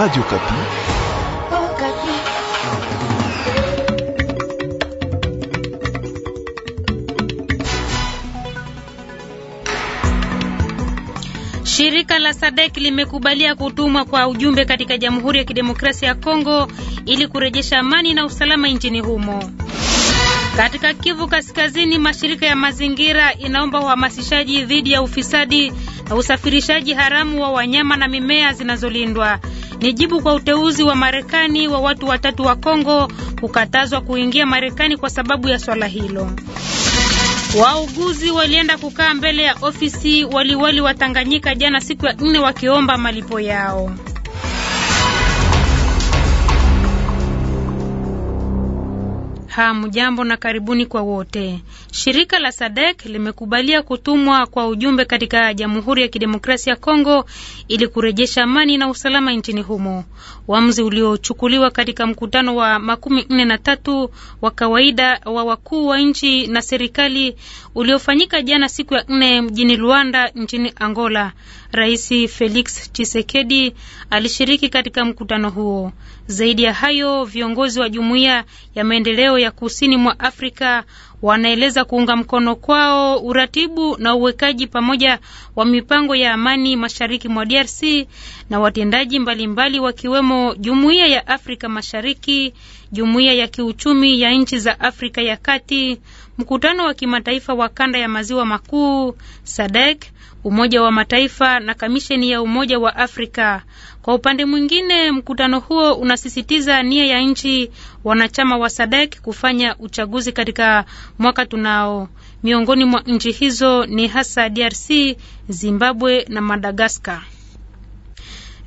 Radio Okapi. Shirika la SADC limekubalia kutumwa kwa ujumbe katika Jamhuri ya Kidemokrasia ya Kongo ili kurejesha amani na usalama nchini humo. Katika Kivu Kaskazini, mashirika ya mazingira inaomba uhamasishaji dhidi ya ufisadi na usafirishaji haramu wa wanyama na mimea zinazolindwa ni jibu kwa uteuzi wa Marekani wa watu watatu wa Kongo kukatazwa kuingia Marekani kwa sababu ya swala hilo. Wauguzi walienda kukaa mbele ya ofisi waliwali wa Tanganyika jana siku ya nne wakiomba malipo yao. Hamjambo na karibuni kwa wote. Shirika la SADEK limekubalia kutumwa kwa ujumbe katika Jamhuri ya Kidemokrasia ya Kongo ili kurejesha amani na usalama nchini humo uamuzi uliochukuliwa katika mkutano wa makumi nne na tatu wa kawaida wa wakuu wa nchi na serikali uliofanyika jana siku ya nne mjini Luanda nchini Angola. Rais Felix Tshisekedi alishiriki katika mkutano huo. Zaidi ya hayo, viongozi wa Jumuiya ya Maendeleo ya Kusini mwa Afrika wanaeleza kuunga mkono kwao uratibu na uwekaji pamoja wa mipango ya amani mashariki mwa DRC na watendaji mbalimbali wakiwemo Jumuiya ya Afrika Mashariki, Jumuiya ya Kiuchumi ya Nchi za Afrika ya Kati, Mkutano wa Kimataifa wa Kanda ya Maziwa Makuu, SADC Umoja wa Mataifa na Kamisheni ya Umoja wa Afrika. Kwa upande mwingine, mkutano huo unasisitiza nia ya nchi wanachama wa SADC kufanya uchaguzi katika mwaka tunao. Miongoni mwa nchi hizo ni hasa DRC, Zimbabwe na Madagaskar.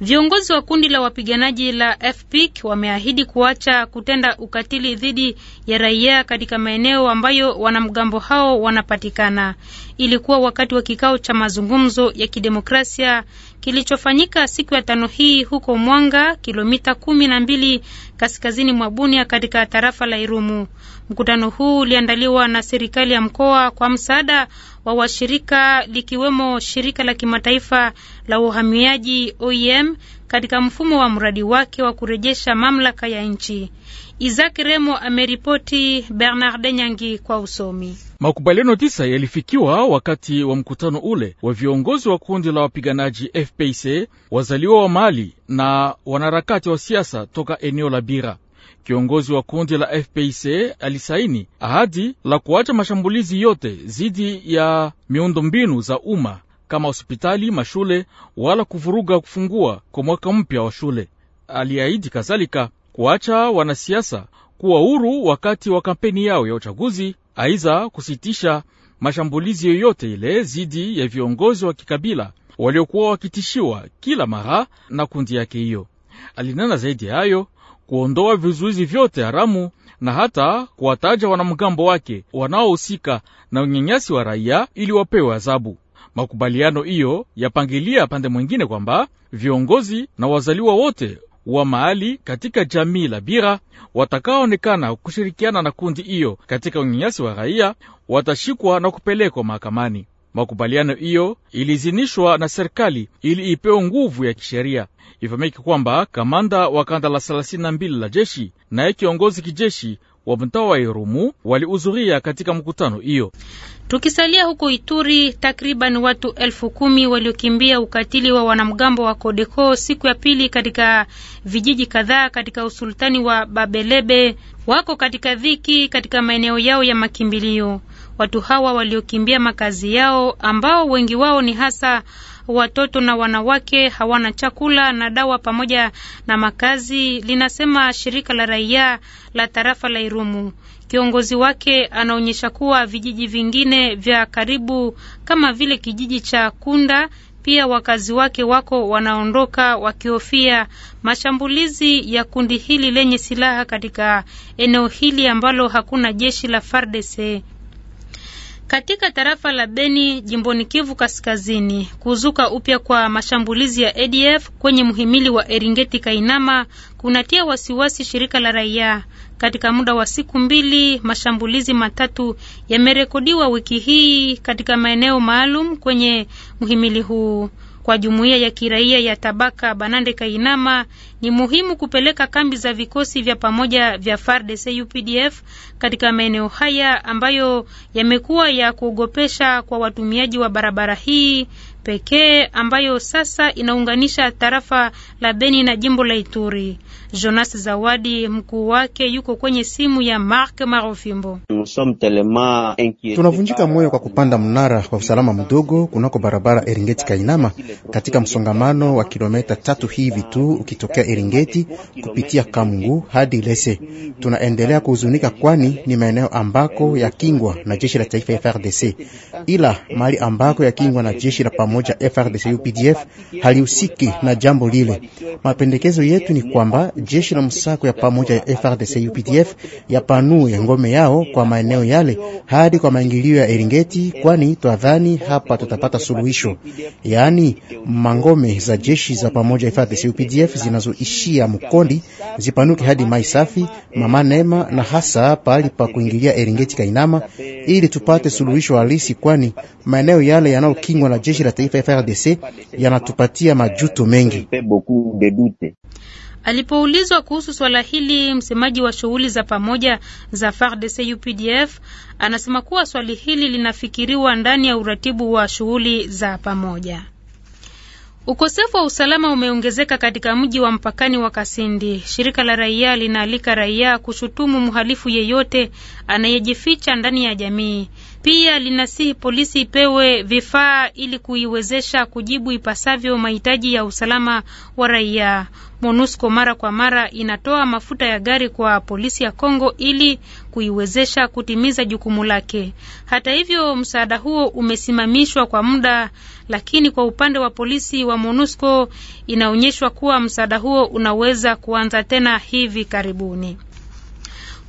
Viongozi wa kundi la wapiganaji la FPIC wameahidi kuacha kutenda ukatili dhidi ya raia katika maeneo ambayo wanamgambo hao wanapatikana. Ilikuwa wakati wa kikao cha mazungumzo ya kidemokrasia kilichofanyika siku ya tano hii huko Mwanga, kilomita kumi na mbili kaskazini mwa Bunia katika tarafa la Irumu. Mkutano huu uliandaliwa na serikali ya mkoa kwa msaada wa washirika likiwemo shirika la kimataifa la uhamiaji OIM e katika mfumo wa mradi wake wa kurejesha mamlaka ya nchi. Isaac Remo ameripoti Bernard Nyangi kwa usomi. Makubaliano tisa yalifikiwa wakati wa mkutano ule wa viongozi wa kundi la wapiganaji FPC, wazaliwa wa Mali na wanaharakati wa siasa toka eneo la Bira. Kiongozi wa kundi la FPC alisaini ahadi la kuacha mashambulizi yote dhidi ya miundombinu za umma kama hospitali, mashule wala kuvuruga kufungua kwa mwaka mpya wa shule. Aliahidi kadhalika kuacha wanasiasa kuwa huru wakati wa kampeni yao ya uchaguzi, aidha kusitisha mashambulizi yoyote ile dhidi ya viongozi wa kikabila waliokuwa wakitishiwa kila mara na kundi yake hiyo. Alinena zaidi ya hayo kuondoa vizuizi vyote haramu na hata kuwataja wanamgambo wake wanaohusika na unyanyasi wa raia ili wapewe adhabu. Makubaliano hiyo yapangilia pande mwingine kwamba viongozi na wazaliwa wote wa mahali katika jamii la Bira watakaoonekana kushirikiana na kundi hiyo katika unyanyasi wa raia watashikwa na kupelekwa mahakamani. Makubaliano hiyo ilizinishwa na serikali ili ipewe nguvu ya kisheria. Ifahamike kwamba kamanda wa kanda la 32 la jeshi naye kiongozi kijeshi wa mtaa wa Irumu walihudhuria katika mkutano hiyo. Tukisalia huko Ituri, takriban watu elfu kumi waliokimbia ukatili wa wanamgambo wa Kodeko siku ya pili katika vijiji kadhaa katika usultani wa Babelebe wako katika dhiki katika maeneo yao ya makimbilio. Watu hawa waliokimbia makazi yao ambao wengi wao ni hasa watoto na wanawake hawana chakula na dawa pamoja na makazi, linasema shirika la raia la tarafa la Irumu. Kiongozi wake anaonyesha kuwa vijiji vingine vya karibu kama vile kijiji cha Kunda pia wakazi wake wako wanaondoka wakihofia mashambulizi ya kundi hili lenye silaha katika eneo hili ambalo hakuna jeshi la FARDC. Katika tarafa la Beni jimboni Kivu Kaskazini, kuzuka upya kwa mashambulizi ya ADF kwenye mhimili wa Eringeti Kainama kunatia wasiwasi shirika la raia. Katika muda wa siku mbili, mashambulizi matatu yamerekodiwa wiki hii katika maeneo maalum kwenye mhimili huu. Kwa jumuiya ya kiraia ya tabaka Banande Kainama ni muhimu kupeleka kambi za vikosi vya pamoja vya FARDC UPDF katika maeneo haya ambayo yamekuwa ya kuogopesha kwa watumiaji wa barabara hii pekee ambayo sasa inaunganisha tarafa la Beni na jimbo la Ituri. Jonas Zawadi, mkuu wake, yuko kwenye simu ya Mark Marofimbo. Tunavunjika moyo kwa kupanda mnara wa usalama mdogo kunako barabara Eringeti Kainama, katika msongamano wa kilometa tatu hivi tu ukitokea Eringeti kupitia Kamungu hadi Lese. Tunaendelea kuhuzunika, kwani ni maeneo ambako yakingwa na jeshi la taifa ya FARDC, ila mali ambako yakingwa na jeshi la pamoja pamoja FRDC UPDF halihusiki na jambo lile. Mapendekezo yetu ni kwamba jeshi la msako ya pamoja ya FRDC UPDF yapanue ngome yao kwa maeneo yale hadi kwa maingilio ya Eringeti, kwani twadhani hapa tutapata suluhisho, yaani mangome za jeshi za pamoja FRDC UPDF zinazoishia Mkondi zipanuke hadi mai safi mama Nema na hasa pahali pa kuingilia Eringeti Kainama, ili tupate suluhisho halisi, kwani maeneo yale yanayokingwa na jeshi la taifa taifa FRDC yanatupatia majuto mengi. Alipoulizwa kuhusu swala hili, msemaji wa shughuli za pamoja za FARDC UPDF anasema kuwa swali hili linafikiriwa ndani ya uratibu wa shughuli za pamoja. Ukosefu wa usalama umeongezeka katika mji wa mpakani wa Kasindi. Shirika la raia linaalika raia kushutumu mhalifu yeyote anayejificha ndani ya jamii. Pia linasihi polisi ipewe vifaa ili kuiwezesha kujibu ipasavyo mahitaji ya usalama wa raia. MONUSCO mara kwa mara inatoa mafuta ya gari kwa polisi ya Kongo ili kuiwezesha kutimiza jukumu lake. Hata hivyo, msaada huo umesimamishwa kwa muda, lakini kwa upande wa polisi wa MONUSCO inaonyeshwa kuwa msaada huo unaweza kuanza tena hivi karibuni.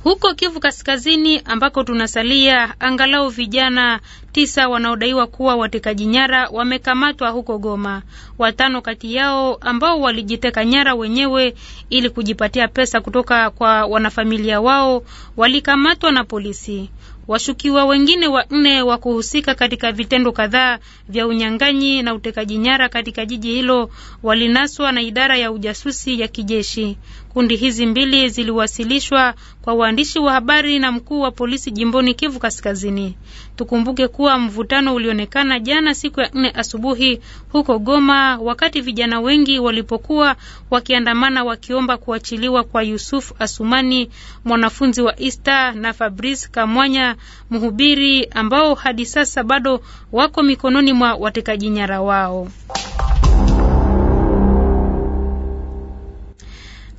Huko Kivu Kaskazini ambako tunasalia, angalau vijana tisa wanaodaiwa kuwa watekaji nyara wamekamatwa huko Goma. Watano kati yao ambao walijiteka nyara wenyewe ili kujipatia pesa kutoka kwa wanafamilia wao walikamatwa na polisi. Washukiwa wengine wanne wa kuhusika katika vitendo kadhaa vya unyang'anyi na utekaji nyara katika jiji hilo walinaswa na idara ya ujasusi ya kijeshi. Kundi hizi mbili ziliwasilishwa kwa waandishi wa habari na mkuu wa polisi jimboni Kivu Kaskazini. Tukumbuke kuwa mvutano ulionekana jana siku ya nne asubuhi huko Goma, wakati vijana wengi walipokuwa wakiandamana wakiomba kuachiliwa kwa Yusuf Asumani, mwanafunzi wa Ista, na Fabrice Kamwanya, mhubiri, ambao hadi sasa bado wako mikononi mwa watekaji nyara wao.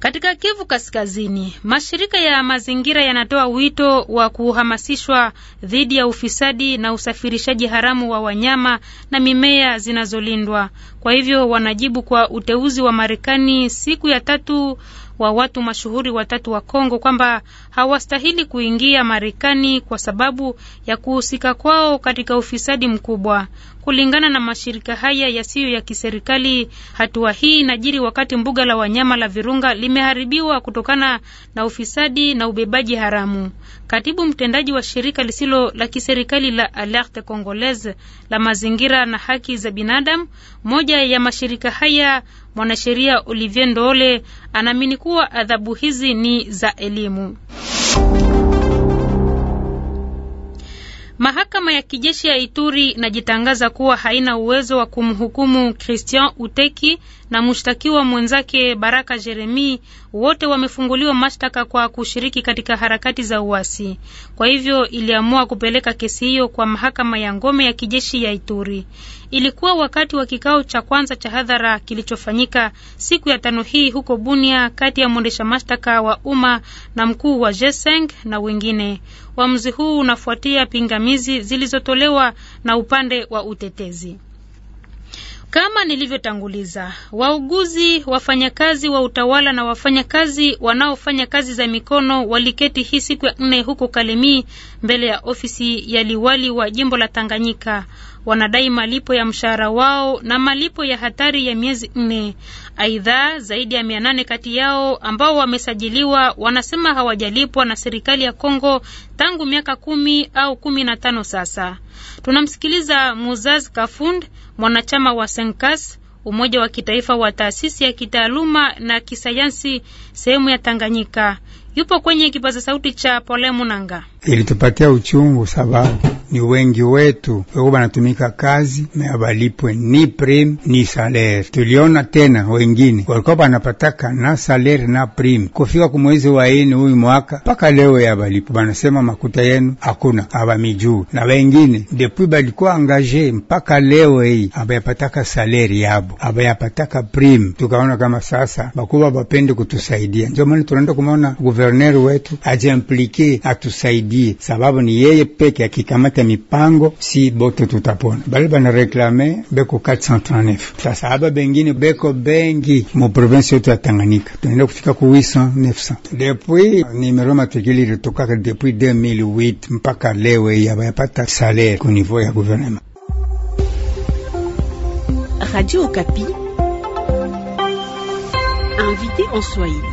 Katika Kivu Kaskazini, mashirika ya mazingira yanatoa wito wa kuhamasishwa dhidi ya ufisadi na usafirishaji haramu wa wanyama na mimea zinazolindwa. Kwa hivyo wanajibu kwa uteuzi wa Marekani siku ya tatu wa watu mashuhuri watatu wa Kongo kwamba hawastahili kuingia Marekani kwa sababu ya kuhusika kwao katika ufisadi mkubwa. Kulingana na mashirika haya yasiyo ya kiserikali, hatua hii inajiri wakati mbuga la wanyama la Virunga limeharibiwa kutokana na ufisadi na ubebaji haramu. Katibu mtendaji wa shirika lisilo la kiserikali la Alerte Congolaise la mazingira na haki za binadamu, moja ya mashirika haya, mwanasheria Olivier Ndoole, anaamini kuwa adhabu hizi ni za elimu. Mahakama ya kijeshi ya Ituri inajitangaza kuwa haina uwezo wa kumhukumu Christian Uteki na mshtakiwa mwenzake Baraka Jeremi wote wamefunguliwa mashtaka kwa kushiriki katika harakati za uasi. Kwa hivyo iliamua kupeleka kesi hiyo kwa mahakama ya ngome ya kijeshi ya Ituri. Ilikuwa wakati wa kikao cha kwanza cha hadhara kilichofanyika siku ya tano hii huko Bunia, kati ya mwendesha mashtaka wa umma na mkuu wa Jeseng e na wengine. Uamuzi huu unafuatia pingamizi zilizotolewa na upande wa utetezi. Kama nilivyotanguliza, wauguzi, wafanyakazi wa utawala na wafanyakazi wanaofanya kazi za mikono waliketi hii siku ya nne huko Kalemi mbele ya ofisi ya liwali wa jimbo la Tanganyika wanadai malipo ya mshahara wao na malipo ya hatari ya miezi nne. Aidha, zaidi ya mia nane kati yao ambao wamesajiliwa wanasema hawajalipwa na serikali ya Kongo tangu miaka kumi au kumi na tano sasa. Tunamsikiliza Muzaz Kafund, mwanachama wa Senkas, Umoja wa Kitaifa wa Taasisi ya Kitaaluma na Kisayansi sehemu ya Tanganyika. Yupo kwenye kipaza sauti cha Pole Munanga. Ilitupatia uchungu sababu ni wengi wetu weko banatumika kazi na abalipwe ni prime ni salere. Tuliona tena wengine walikuwa banapataka na salere na prime kufika kumwezi wa ine huyu mwaka mpaka leo ya balipwe, banasema makuta yenu hakuna, abamijuu na wengine depuis balikuwa angaje mpaka leo hii abayapataka salere yabo abayapataka prime. Tukaona kama sasa bakuba bapende kutusaidia, ndio maana tunaenda kumona guverner wetu ajemplike atusaidie, sababu ni yeye peke akikamata hata mipango, si bote tutapona. Bale banareklame beko 439 sasa, aba bengine beko bengi mu province yetu ya Tanganyika, tunaenda kufika ku 800 900 depuis nimero matrikili ilitokaka depuis 2008 mpaka lewe yabayapata salaire ku niveau ya gouvernement. Radio Okapi invité en Swahili.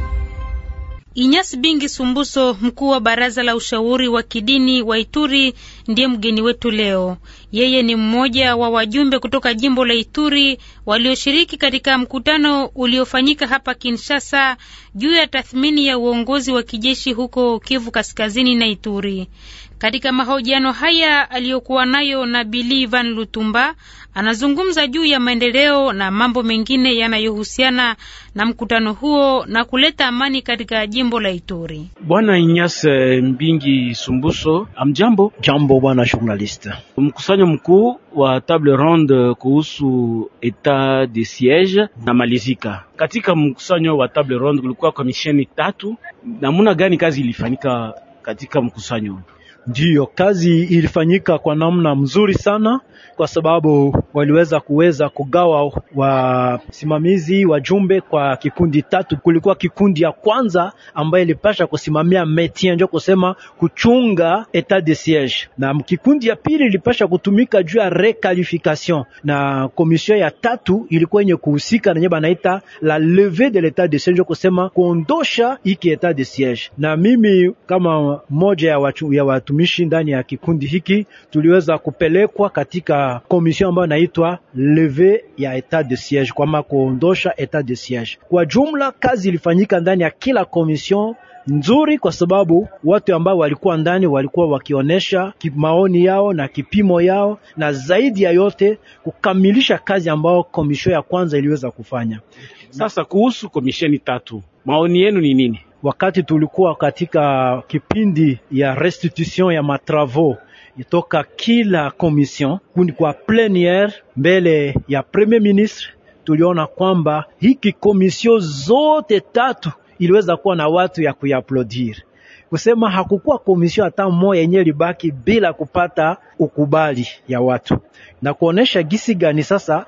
Inyasi Bingi Sumbuso, mkuu wa baraza la ushauri wa kidini wa Ituri, ndiye mgeni wetu leo. Yeye ni mmoja wa wajumbe kutoka jimbo la Ituri walioshiriki katika mkutano uliofanyika hapa Kinshasa juu ya tathmini ya uongozi wa kijeshi huko Kivu Kaskazini na Ituri. Katika mahojiano haya aliyokuwa nayo na Bili Van Lutumba, anazungumza juu ya maendeleo na mambo mengine yanayohusiana na mkutano huo na kuleta amani katika jimbo la Ituri. Bwana Inyase Mbingi Sumbuso, amjambo. Jambo. Mboba bwana journaliste. Mkusanyo mkuu wa table ronde kuhusu etat de siege na malizika. Katika mkusanyo wa table ronde kulikuwa komisheni tatu. Namuna gani kazi ilifanyika katika mkusanyo? Ndiyo, kazi ilifanyika kwa namna mzuri sana, kwa sababu waliweza kuweza kugawa wasimamizi wajumbe kwa kikundi tatu. Kulikuwa kikundi ya kwanza ambayo ilipasha kusimamia metie, ndio kusema kuchunga etat de siege, na kikundi ya pili ilipasha kutumika juu ya requalification, na komision ya tatu ilikuwa yenye kuhusika na nyeba banaita la leve de l'etat de siege, ndio kusema kuondosha iki etat de siege. Na mimi kama moja ya watu, ya watu watumishi ndani ya kikundi hiki tuliweza kupelekwa katika komision ambayo inaitwa leve ya etat de siege, kwama kuondosha etat de siege. Kwa jumla kazi ilifanyika ndani ya kila komision nzuri kwa sababu watu ambao walikuwa ndani walikuwa wakionyesha maoni yao na kipimo yao, na zaidi ya yote kukamilisha kazi ambayo komisho ya kwanza iliweza kufanya. Sasa kuhusu komisheni tatu, maoni yenu ni nini? wakati tulikuwa katika kipindi ya restitution ya matravo itoka kila komision kuni kwa pleniere mbele ya premier ministre, tuliona kwamba hiki komisio zote tatu iliweza kuwa na watu ya kuyaplodir kusema hakukuwa komisio hata mmoja yenye libaki bila kupata ukubali ya watu, na kuonesha gisi gani sasa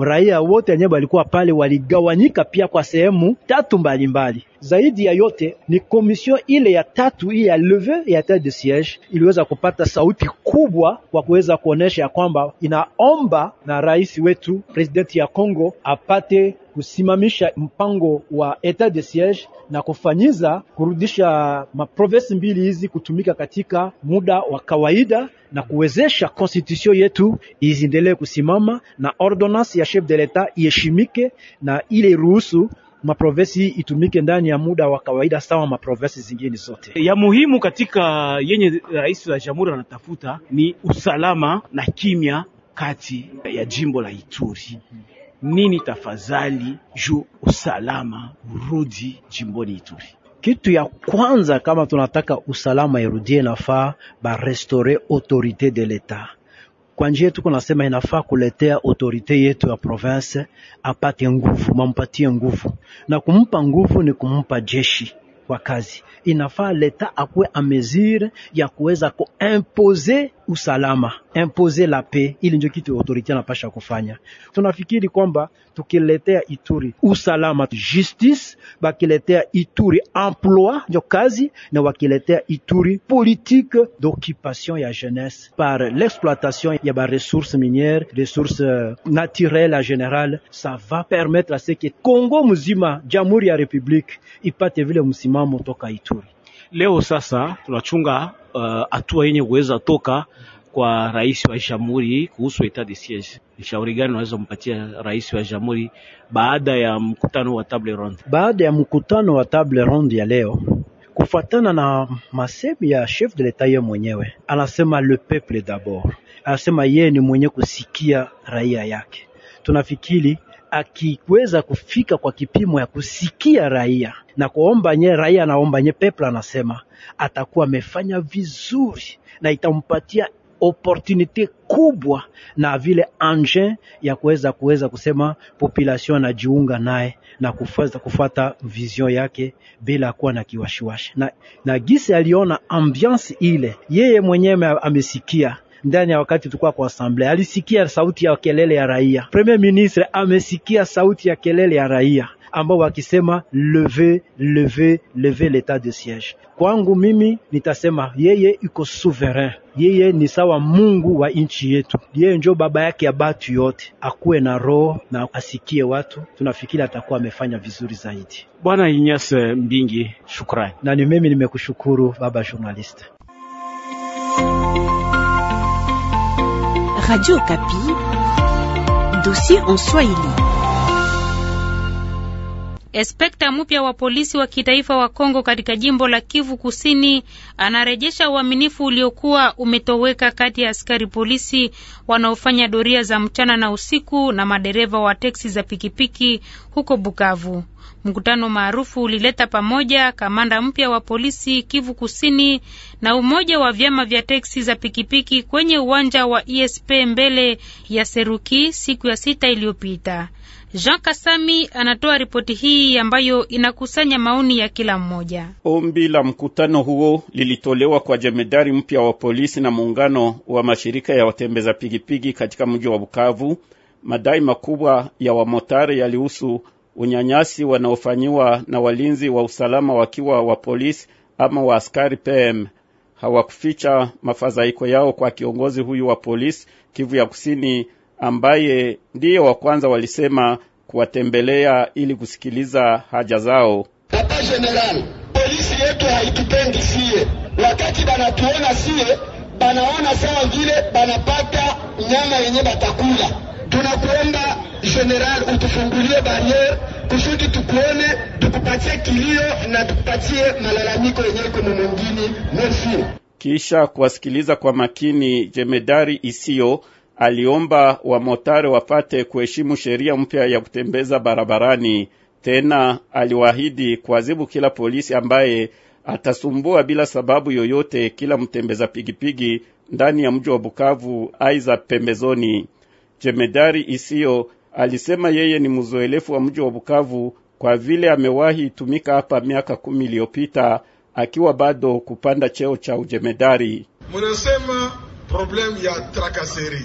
raia wote wenyewe walikuwa pale waligawanyika pia kwa sehemu tatu mbalimbali mbali. Zaidi ya yote ni komisio ile ya tatu hii ya leve ya tete de siege iliweza kupata sauti kubwa kwa kuweza kuonesha ya kwamba inaomba na rais wetu presidenti ya Kongo apate kusimamisha mpango wa etat de siege na kufanyiza kurudisha maprovensi mbili hizi kutumika katika muda wa kawaida na kuwezesha konstitution yetu iziendelee kusimama na ordonnance ya chef de l'etat iheshimike na ile ruhusu maprovesi hii itumike ndani ya muda wa kawaida sawa maprovesi zingine zote. Ya muhimu katika yenye rais wa jamhuri anatafuta ni usalama na kimya kati ya jimbo la Ituri nini tafadhali, juu usalama urudi jimboni Ituri. Kitu ya kwanza kama tunataka usalama irudie, nafaa barestore autorite de l'etat kwa njia tuko nasema inafaa kuletea autorite yetu ya province apate nguvu, mampatie nguvu, na kumpa nguvu ni kumpa jeshi wa kazi. Inafaa leta akuwe a mesure ya kuweza kuimpose usalama, impose la paix. Ili ndio kitu autorite anapasha kufanya. Tunafikiri kwamba tukiletea Ituri usalama, justice, bakiletea Ituri emploi, ndio kazi, na wakiletea Ituri politique d'occupation ya jeunesse par l'exploitation ya ba ressources minières, ressources euh, naturelles en général, ça va permettre à ce que Congo mzima, Jamhuri ya Republique ipate vile msimamo msimamo toka Ituri. Leo sasa tunachunga uh, hatua uh, yenye kuweza toka kwa rais wa jamhuri kuhusu etat de siege. Shauri gani unaweza kumpatia rais wa jamhuri baada ya mkutano wa table ronde? Baada ya mkutano wa table ronde ya leo, kufuatana na masemi ya chef de l'etat, yeye mwenyewe anasema le peuple d'abord, anasema yeye ni mwenye kusikia raia yake. Tunafikiri akiweza kufika kwa kipimo ya kusikia raia na kuomba nye raia anaomba nye pepla, anasema atakuwa amefanya vizuri na itampatia opportunity kubwa na vile engin ya kuweza kuweza kusema population anajiunga naye na kufuata, kufuata vision yake bila kuwa na kiwashiwashi na, na gisi aliona ambiance ile yeye mwenyewe amesikia ndani ya wakati tulikuwa kwa asamblea, alisikia sauti ya kelele ya raia. Premier ministre amesikia sauti ya kelele ya raia ambao wakisema leve leve leve letat de siege. Kwangu mimi nitasema yeye iko souverain, yeye ni sawa Mungu wa nchi yetu, yeye njo baba yake ya batu yote. Akuwe na roho na asikie watu, tunafikiri atakuwa amefanya vizuri zaidi. Bwana Inyase Mbingi, shukrani. Na ni mimi nimekushukuru baba journalist. Radio Capi, dossier en soi Swahili. Espekta mpya wa polisi wa kitaifa wa Kongo katika jimbo la Kivu Kusini anarejesha uaminifu uliokuwa umetoweka kati ya askari polisi wanaofanya doria za mchana na usiku na madereva wa teksi za pikipiki huko Bukavu. Mkutano maarufu ulileta pamoja kamanda mpya wa polisi Kivu Kusini na umoja wa vyama vya teksi za pikipiki kwenye uwanja wa ESP mbele ya Seruki siku ya sita iliyopita. Jean Kasami anatoa ripoti hii ambayo inakusanya maoni ya kila mmoja. Ombi la mkutano huo lilitolewa kwa jemedari mpya wa polisi na muungano wa mashirika ya watembeza pigipigi katika mji wa Bukavu. Madai makubwa ya wamotari yalihusu unyanyasi wanaofanyiwa na walinzi wa usalama wakiwa wa polisi ama wa askari PM. Hawakuficha mafadhaiko yao kwa kiongozi huyu wa polisi Kivu ya Kusini ambaye ndiyo wa kwanza walisema kuwatembelea ili kusikiliza haja zao. Papa General, polisi yetu haitupendi sie, wakati banatuona sie banaona sawa vile banapata nyama yenye batakula. Tunakuomba General, utufungulie bariere kusudi tukuone, tukupatie kilio na tukupatie malalamiko yenye iko mwingine. Merci. Kisha kuwasikiliza kwa makini, jemedari isiyo aliomba wamotare wapate kuheshimu sheria mpya ya kutembeza barabarani. Tena aliwaahidi kuadhibu kila polisi ambaye atasumbua bila sababu yoyote kila mtembeza pigipigi ndani ya mji wa Bukavu, aiza pembezoni. Jemedari isiyo alisema yeye ni mzoelefu wa mji wa Bukavu kwa vile amewahi tumika hapa miaka kumi iliyopita akiwa bado kupanda cheo cha ujemedari. Munasema problème ya trakaseri.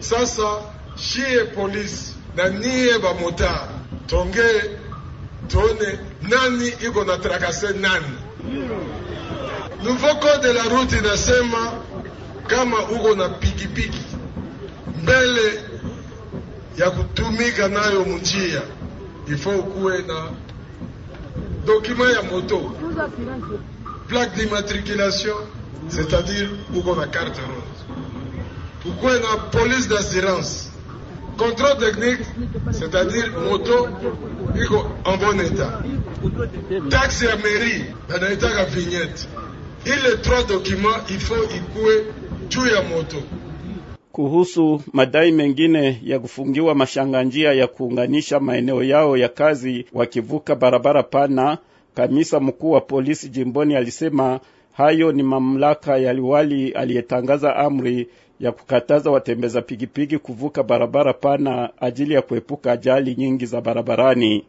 Sasa shie polisi na niye bamotari tonge tone nani iko na trakase nani. Nouveau code de la route inasema kama uko na pikipiki mbele ya kutumika nayo munjia, ifo ukuwe na dokima ya moto, plaque d'immatriculation c'est-à-dire uko na carte rose, ukuwe na police d'assurance, contrôle technique, c'est-à-dire moto iko en bon état, taxe à mairie banaitaka vignette. Ile trois documents y ikuwe juu ya moto. Kuhusu madai mengine ya kufungiwa mashanga njia ya kuunganisha maeneo yao ya kazi wakivuka barabara pana, kamisa mkuu wa polisi jimboni alisema Hayo ni mamlaka ya liwali aliyetangaza amri ya kukataza watembeza pikipiki kuvuka barabara pana ajili ya kuepuka ajali nyingi za barabarani.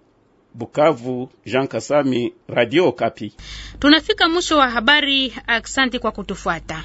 Bukavu, Jean Kasami, Radio Kapi. Tunafika mwisho wa habari. Aksanti kwa kutufuata.